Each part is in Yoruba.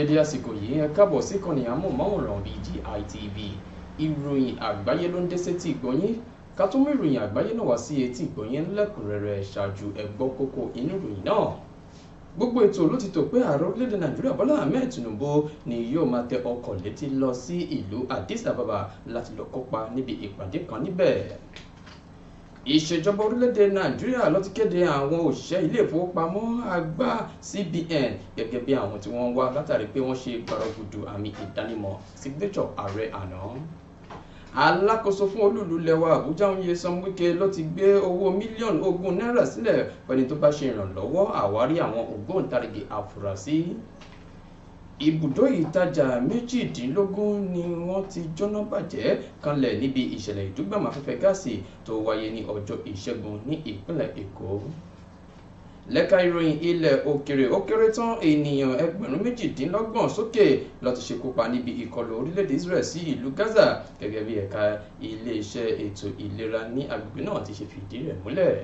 dédé àsìkò yìí ẹ káàbọ̀ sí ìkànnì amóhùnmáwòrán BGI TV ìròyìn àgbáyé ló ń dé sétí ìgbọ́yín ká tó mú ìròyìn àgbáyé náà wá sí etí ìgbọ́yín lẹ́kùnrẹ́rẹ́ ṣáájú ẹgbọ́ kókó inú ìròyìn náà gbogbo ètò ló ti tò pé ààrẹ orílẹ̀-èdè nàìjíríà bọ́lá ahmed tinubu ni yóò máa tẹ ọkọ̀ létí lọ sí ìlú addis ababa láti lọ kópa níbi ìpàdé kan níbẹ̀ ìṣèjọba orílẹ̀-èdè nàìjíríà ló ti kéde àwọn òṣìṣẹ́ ilé ìfowópamọ́ àgbà CBN gẹ́gẹ́ bí àwọn tí wọ́n wá látàrí pé wọ́n ṣe gbàrọ̀gùdù àmì ìdánimọ̀ signature ààrẹ àná alákòóso fún olúùlú lẹwa àbújá Nyesom Wike ló ti gbé owó mílíọ̀nù ogún náírà sílẹ̀ fẹ́ni tó bá ṣe ìrànlọ́wọ́ àwárí àwọn ògbóǹtarìgì àfúrásì ibùdó ìtajà méjìdínlógún ni wọ́n ti jóná bàjẹ́ kanlẹ̀ níbi ìṣẹ̀lẹ̀ ìdúgbàmù afẹ́fẹ́ gáàsì tó wáyé ní ọjọ́ ìṣẹ́gun ní ìpínlẹ̀ èkó lẹ́ka ìròyìn ilẹ̀ òkèrè ó kéré tán ènìyàn ẹgbẹ̀rún méjìdínlọ́gbọ̀n sókè ló ti ṣekú pa níbi ìkọlù orílẹ̀-èdè Israel sí ìlú Gaza gẹ́gẹ́ bí ẹ̀ka iléeṣẹ́ ètò ìlera ní agbègbè náà ti ṣe fìdí rẹ̀ múlẹ̀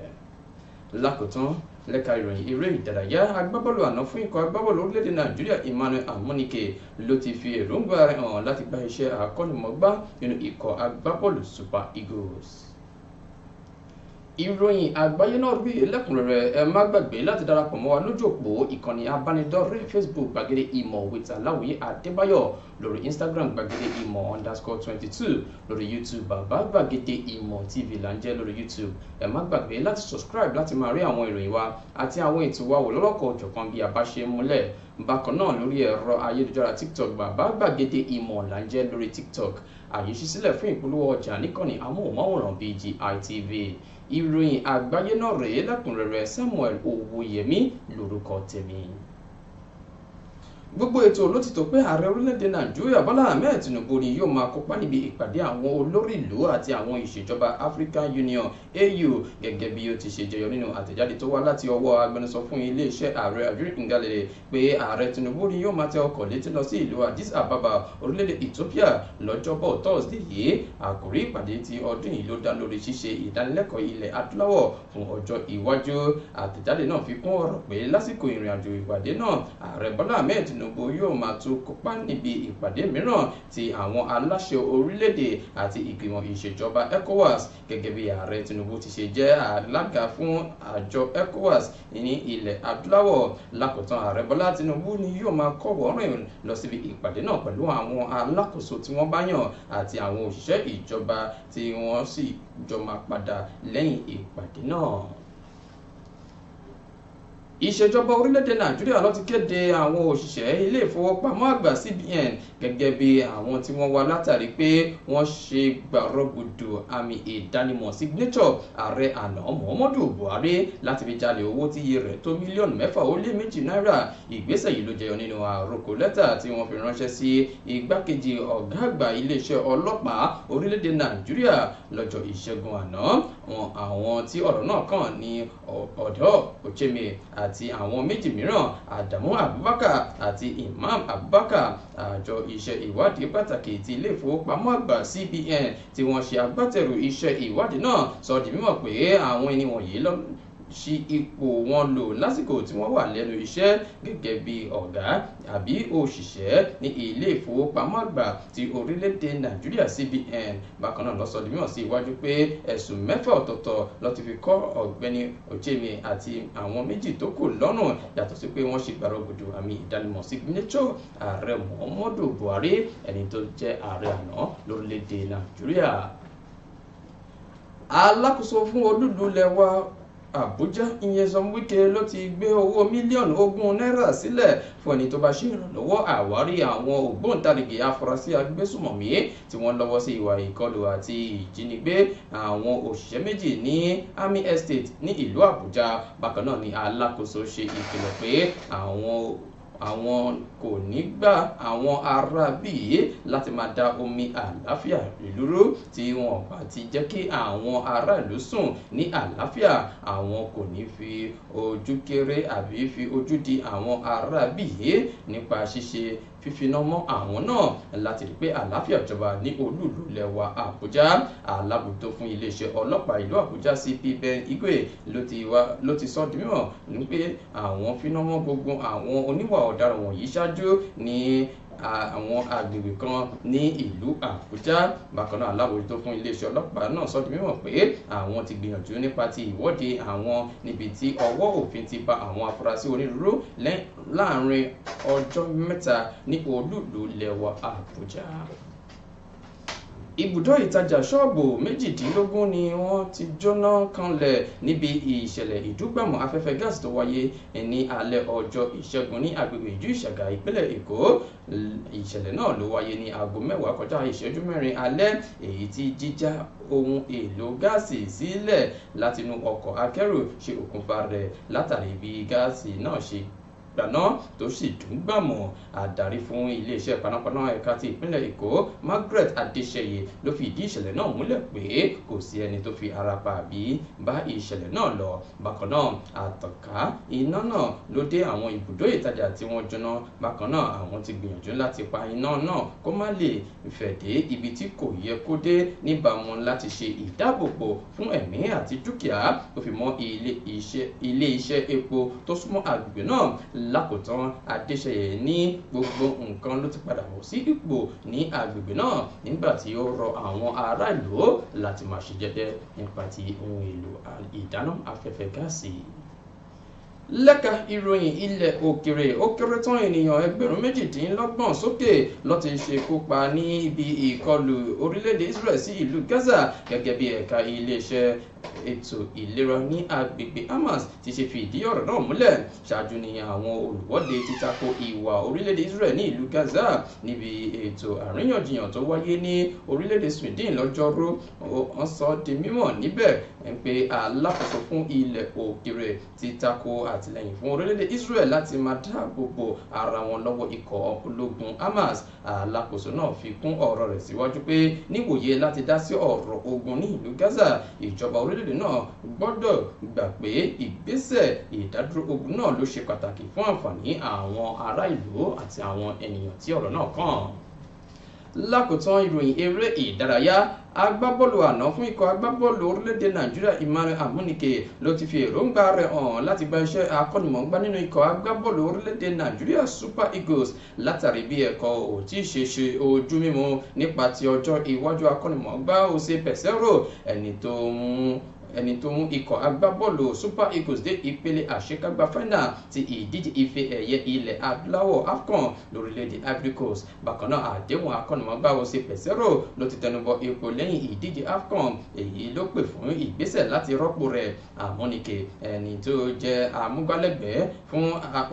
lákòótán lẹ́ka ìròyìn eré ìdárayá agbábọ́ọ̀lù àná fún ikọ̀ agbábọ́ọ̀lù orílẹ̀-èdè nàìjíríà emmanuel amunike ló ti fi èròǹgbà rẹ̀ hàn láti gba iṣẹ́ akọ́nimọ̀gbá nínú ikọ̀ agbábọ́ọ̀lù super eagles ìròyìn àgbáyé náà rí lẹ́kùnrẹ́rẹ́ ẹ má gbàgbé láti darapọ̀ mọ́ wa lójú òpó ìkànnì abánidọ́rẹ́ facebook gbàgede ìmọ̀ with aláwòye adébáyọ̀ lórí instagram gbàgede ìmọ̀ underscore twenty two lórí youtube bàbá gbàgede ìmọ̀ tv là ń jẹ́ lórí youtube ẹ má gbàgbé láti subscribe láti máa rí àwọn ìròyìn wa àti àwọn ètò wa wò lọ́lọ́kọ̀ ọ̀jọ̀kan bí a bá ṣe múlẹ̀ bákan náà lórí ẹ̀rọ ayélujára tiktok bàbá gbàgede ìmọ̀ là ń jẹ́ lórí tiktok àyè ṣí sílẹ̀ fún ìpolówó ọjà níkànnì amóhùnmáwòrán BGI TV ìròyìn àgbáyé náà rèé lẹ́kùnrẹ́rẹ́ Samuel Owóyẹmí lórúkọ tèmi gbogbo ètò ló ti tò pé ààrẹ orílẹ̀-èdè nàìjíríà bọ́lá ahmed tinubu ni yóò máa kópa níbi ìpàdé àwọn olórí ìlú àti àwọn ìṣèjọba african union au gẹ́gẹ́ bí ó ti ṣe jẹyọ nínú àtẹ̀jáde tó wá láti ọwọ́ agbẹnusọ fún iléeṣẹ́ ààrẹ adrian ngalale pé ààrẹ tinubu ni yóò máa tẹ ọkọ̀ létí lọ sí ìlú addis ababa orílẹ̀-èdè ethiopia lọ́jọ́bọ̀ thursday yìí àkòrí ìpàdé ti ọdún yìí ló dá lórí ṣíṣe ìdánilẹ́kọ̀ọ́ Tinubu yóò máa tún kópa níbi ìpàdé mìíràn ti àwọn aláṣẹ orílẹ̀-èdè àti ìgbìmọ̀ ìṣèjọba ECOWAS gẹ́gẹ́ bí ààrẹ Tinubu ti ṣe jẹ́ alága fún àjọ ECOWAS ní ilẹ̀ adúláwọ̀ lákòótán ààrẹ Bọ́lá Tinubu ni yóò máa kọ́wọ́ rìn lọ síbi ìpàdé náà pẹ̀lú àwọn alákòóso tí wọ́n bá yàn àti àwọn òṣìṣẹ́ ìjọba tí wọ́n sì jọ máa padà lẹ́yìn ìpàdé náà ìṣèjọba orílẹ̀-èdè nàìjíríà ló ti kéde àwọn òṣìṣẹ́ ilé ìfowópamọ́ àgbà cbn gẹ́gẹ́ bí àwọn tí wọ́n wá látàrí pé wọ́n ṣe gbàrọ́gbùdù àmì ìdánimọ̀ signature ààrẹ àná muhammadu buhari láti fi jalè owó tí iye rẹ̀ tó mílíọ̀nù mẹ́fà ó lé méjì náírà ìgbésẹ̀ yìí ló jẹyọ nínú àròkọ lẹ́tà tí wọ́n fi ránṣẹ́ sí igbákejì ọ̀gá àgbà iléeṣẹ́ ọlọ́pàá orílẹ̀-èdè nàìjíríà lọ́jọ́ ìṣẹ́gun àná àwọn tí ọ̀rọ̀ náà kàn ní ọ̀dọ́ Ocheme àti àwọn méjì mìíràn Adamu Abubakar àti Imam Abubakar àjọ iṣẹ́ ìwádìí pàtàkì ti ilé ìfowópamọ́ àgbà CBN tí wọ́n ṣe agbátẹrù iṣẹ́ ìwádìí náà sọ di mímọ̀ pé àwọn ẹni wọ̀nyí sí ipò wọn lò lásìkò tí wọ́n wà lẹ́nu iṣẹ́ gẹ́gẹ́ bí ọ̀gá àbí òṣìṣẹ́ ní ilé ìfowópamọ́ àgbà ti orílẹ̀-èdè nàìjíríà cbn bákan náà lọ́sọ̀ di mìíràn sí iwájú pé ẹ̀sùn mẹ́fà ọ̀tọ̀ọ̀tọ̀ ló ti fi kọ́ ọ̀gbẹ́ni ochemi àti àwọn méjì tó kù lọ́rùn yàtọ̀ sí pé wọ́n ṣe gbàrọ̀gbọ̀dọ̀ àmì ìdánimọ̀ signature ààrẹ muhammadu buhari ẹni tó jẹ́ ààrẹ àná lórílẹ̀-èdè nàìjíríà alákòóso fún olúlu lẹwa àbújá ìyẹn Sam Wike ló ti gbé owó mílíọ̀nù ogún náírà sílẹ̀ fún ẹni tó bá ṣe ìrànlọ́wọ́ àwárí àwọn ògbóǹtarìgì afurasí agbésùmọ̀mí tí wọ́n lọ́wọ́ sí ìwà ìkọlù àti ìjínigbé àwọn òṣìṣẹ́ méjì ní army estate ní ìlú àbújá bákan náà ni alákòóso ṣe ìkìlọ̀ pé àwọn àwọn kò ní gba àwọn ará bíi láti máa da omi àlàáfíà ìlú rú tí wọn bá ti jẹ́ kí àwọn aráàlú sùn ní àlàáfíà àwọn kò ní fi ojú kéré àbí fi ojú di àwọn ará bíi nípa ṣíṣe fífiná mọ́ àwọn náà láti rí pé àlàáfíà ìjọba ní olúùlú lẹwa àbújá alábòójútó fún iléeṣẹ́ ọlọ́pàá ìlú àbújá cp ben igwe ló ti sọ di mímọ̀ ní pé àwọn fíná mọ́ gbogbo àwọn oníwà ọ̀daràn wọ̀nyí ṣáájú ní àwọn agbègbè kan ní ìlú àbújá bákan náà alábòójútó fún iléeṣẹ́ ọlọ́pàá náà sọ di mímọ̀ pé àwọn ti gbìyànjú nípa ti ìwọ́de àwọn níbi tí ọwọ́ òfin ti bà àwọn afurasí onírúurú láàrin ọjọ́ mẹ́ta ní olúùlú lẹwa àbújá ibùdó ìtajà ṣọ́ọ̀bù méjìdínlógún ni wọ́n ti jóná kanlẹ̀ níbi ìṣẹ̀lẹ̀ ìdúgbàmù afẹ́fẹ́ gáàsì tó wáyé ní alẹ́ ọjọ́ ìṣẹ́gun ní agbègbè ìjú ìṣàgà ìpínlẹ̀ èkó ìṣẹ̀lẹ̀ náà ló wáyé ní aago mẹ́wàá kọjá ìṣẹ́jú mẹ́rin alẹ́ èyí tí jíjá ohun èlò gáàsì sílẹ̀ látinú ọkọ̀ akẹ́rù ṣe òkùnfà rẹ̀ látàrí bí gáàsì náà ṣe gbaná tó sì dùn gbàmọ̀ àdarí fún iléeṣẹ́ panápaná ẹ̀ka ti ìpínlẹ̀ Èkó Margaret Adéṣeyè ló fi ìdí ìṣẹ̀lẹ̀ náà múlẹ̀ pé kò sí ẹni tó fi ara pa àbí bá ìṣẹ̀lẹ̀ náà lọ bákan náà àtànká iná náà ló dé àwọn ibùdó ìtajà tí wọ́n jóná bákan náà àwọn ti gbìyànjú láti pa iná náà kó má lè fẹ̀ ibi tí kò yẹ kó dé níbàámu láti ṣe ìdáàbòbò fún ẹ̀mí àti dúkìá tó fi mọ́ ilé iṣẹ́ epo tó súnmọ́ àgbègbè náà lákòótán adéṣeyẹ ní gbogbo nǹkan ló ti padà bọ̀ sí ipò ní agbègbè náà nígbà tí ó rọ àwọn ará ìlú láti máa ṣe jẹ́jẹ́ nípa ti ohun èlò ìdáná afẹ́fẹ́ gáàsì lẹ́ka ìròyìn ilẹ̀ òkèrè ó kéré tán ènìyàn ẹgbẹ̀rún méjìdínlọ́gbọ̀n sókè ló ti ṣekú pa ní ibi ìkọlù orílẹ̀-èdè Israel sí ìlú Gaza gẹ́gẹ́ bí ẹ̀ka iléeṣẹ́ ètò ìlera ní agbègbè Hamas ti ṣe fi ìdí ọ̀rọ̀ náà múlẹ̀ ṣáájú ni àwọn olùwọ́de ti tako ìwà orílẹ̀-èdè Israel ní ìlú Gaza níbi ètò àríyànjiyàn tó wáyé ní orílẹ̀-èdè Sweden lọ́jọ́rú wọ́n sọ di mímọ̀ níbẹ̀ pé alákòóso fún ilẹ̀ òkèrè ti tako àtìlẹ́yìn fún orílẹ̀-èdè Israel láti máa dáàbò bo ara wọn lọ́wọ́ ikọ̀ ológun Hamas alákòóso náà fi kún ọ̀rọ̀ rẹ̀ síwájú pé níwòye láti dá sí ọ̀rọ̀ ogun ní ìlú Gaza ìjọba orílẹ̀ orílẹ̀-èdè náà gbọ́dọ̀ gbà pé ìgbésẹ̀ ìdádúró ogun náà ló ṣe pàtàkì fún àǹfààní àwọn ará ìlú àti àwọn ènìyàn tí ọ̀rọ̀ náà kàn lákòótán ìròyìn eré ìdárayá agbábọ́ọ̀lù àná fún ikọ̀ agbábọ́ọ̀lù orílẹ̀-èdè nàìjíríà emmanuel amunike ló ti fi èròǹgbà rẹ̀ hàn láti gba iṣẹ́ akọ́nimọ̀ọ́gbá nínú ikọ̀ agbábọ́ọ̀lù orílẹ̀-èdè nàìjíríà super eagles látàrí bí ẹ̀kọ́ ò tí ì ṣe ṣe ojú mímu nípa ti ọjọ́ iwájú akọ́nimọ̀ọ́gbá jose peseiro ẹni tó ń ẹni tó mú ikọ̀ agbábọ́ọ̀lù super eagles dé ìpele àṣekágbá final ti ìdíje ife ẹ̀yẹ ilẹ̀ adúláwọ̀ afcon lórílẹ̀‐èdè ivory coast bákan náà àdéhùn akọ́nìmọ̀gbá jose peseiro ló ti tẹnubọ ipò lẹ́yìn ìdíje afcon èyí ló pè fún ìgbésẹ̀ láti rọ́pò rẹ̀ àmọ́nike ẹni tó jẹ́ amúgbálẹ́gbẹ̀ẹ́ fún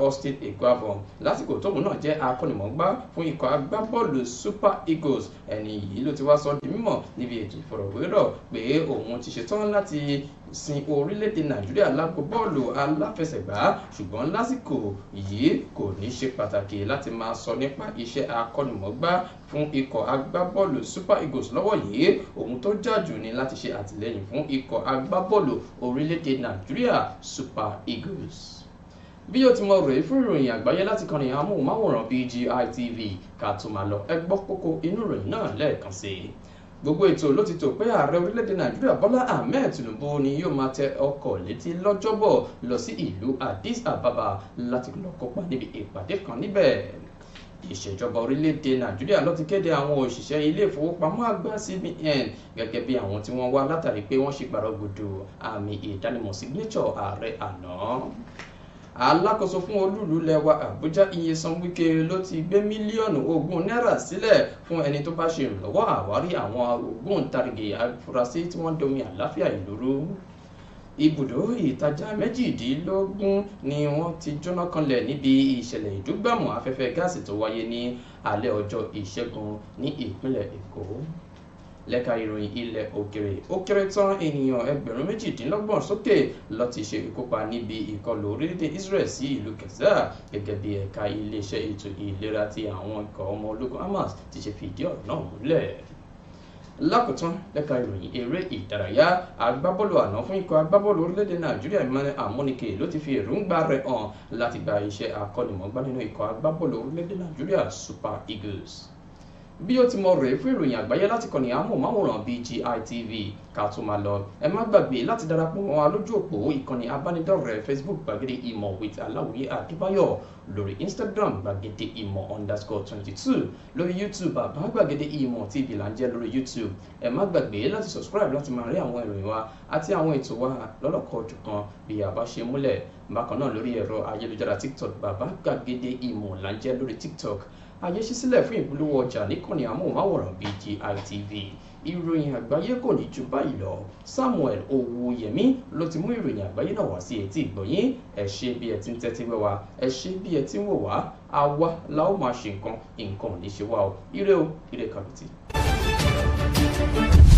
austin eguavon lásìkò tóun náà jẹ́ akọ́nìmọ̀gbá fún ikọ̀ agbábọ́ọ̀lù super eagles ẹni yìí ló ti wá sọ di mímọ̀ níbi ètò ìfọ̀rọ̀wérọ̀ pé òun ti ṣetán láti fi sin orílẹ̀-èdè nàìjíríà lágbo bọ́ọ̀lù aláfẹsẹ̀gbá ṣùgbọ́n lásìkò yìí kò ní ṣe pàtàkì láti máa sọ nípa iṣẹ́ akọ́nimọ̀ọ́gbá fún ikọ̀ agbábọ́ọ̀lù super eagles lọ́wọ́ yìí ohun tó jájú ni láti ṣe àtìlẹ́yìn fún ikọ̀ agbábọ́ọ̀lù orílẹ̀-èdè nàìjíríà super eagles bí o ti mọ rèé fún ìròyìn àgbáyé láti kàn ní BGI TV ká tó máa lọ ẹ inú ìròyìn náà lẹ́ẹ̀kan sí i gbogbo ètò ló ti tò pé ààrẹ orílẹ̀-èdè nàìjíríà bọ́lá ahmed tinubu ni yóò máa tẹ ọkọ̀ létí lọ́jọ́bọ̀ lọ sí ìlú addis ababa láti lọ kópa níbi ìpàdé kan níbẹ̀ ìṣèjọba orílẹ̀-èdè nàìjíríà ló ti kéde àwọn òṣìṣẹ́ ilé ìfowópamọ́ àgbà cbn gẹ́gẹ́ bí àwọn tí wọ́n wá látàrí pé wọ́n ṣègbàrọ̀gbọ̀dọ̀ àmì ìdánimọ̀ signature ààrẹ àná alákòóso fún olúùlú lẹwa àbújá Nyesan Wike ló ti gbé mílíọ̀nù ogún náírà sílẹ̀ fún ẹni tó bá ṣe ìrànlọ́wọ́ àwárí àwọn ògbóǹtarìgì afurasí tí wọ́n domi àláfíà ìlú ibùdó ìtajà méjìdínlógún ni wọ́n ti jóná kanlẹ̀ níbi ìṣẹ̀lẹ̀ ìdúgbàmù afẹ́fẹ́ gáàsì tó wáyé ní alẹ́ ọjọ́ ìṣẹ́gun ní ìpínlẹ̀ èkó lẹ́ka ìròyìn ilẹ̀ òkèrè ó kéré tán ènìyàn ẹgbẹ̀rún méjìdínlọ́gbọ̀n sókè ló ti ṣe ìkópa níbi ìkọlù orílẹ̀-èdè Israel sí ìlú Gaza gẹ́gẹ́ bí ẹ̀ka iléeṣẹ́ ètò ìlera ti àwọn ikọ̀ ọmọ ológun Hamas ti ṣe fìdí ọ̀rọ̀ náà múlẹ̀ lákòótán lẹ́ka ìròyìn eré ìdárayá agbábọ́ọ̀lù àná fún ikọ̀ agbábọ́ọ̀lù orílẹ̀-èdè nàìjíríà Emmanuel Amunike ló ti fi èròǹgbà rẹ̀ hàn láti gba iṣẹ́ akọ́nimọ̀ọ́gbá nínú ikọ̀ agbábọ́ọ̀lù orílẹ̀-èdè nàìjíríà Super Eagles bí ó ti mọ rèé fún ìròyìn àgbáyé láti kọ́ni amóhùnmáwòrán BGI TV ká tó máa lọ ẹ má gbàgbé láti darapọ̀ mọ́ wa lójú òpó ìkànnì abánidọ́rẹ̀ẹ́ Facebook gbàgede ìmọ̀ with aláwòye àdébáyọ̀ lórí Instagram gbàgede ìmọ̀ underscore twenty two lórí YouTube àbá gbàgede ìmọ̀ TV là ń lórí YouTube ẹ má gbàgbé láti subscribe láti máa rí àwọn ìròyìn wa àti àwọn ètò wa lọ́lọ́kọ̀ọ́jọ̀kan bí a bá ṣe múlẹ̀ bákan náà lórí ẹ̀rọ ayélujára TikTok bàbá gbàgede ìmọ̀ là ń lórí TikTok àyè ṣí sílẹ̀ fún ìpolówó ọjà níkànnì amóhùnmáwòrán BGI TV ìròyìn àgbáyé kò ní ju báyìí lọ Samuel Owóyẹmí ló ti mú ìròyìn àgbáyé náà wá sí etí ìgbọ̀nyín ẹ ṣé bí ẹ ti ń tẹ́tí wẹ́wà ẹ ṣé bí ẹ ti ń wò wá àwa la ó máa ṣe nǹkan nǹkan ò ní ṣe wá o ire o ire kàbìtì.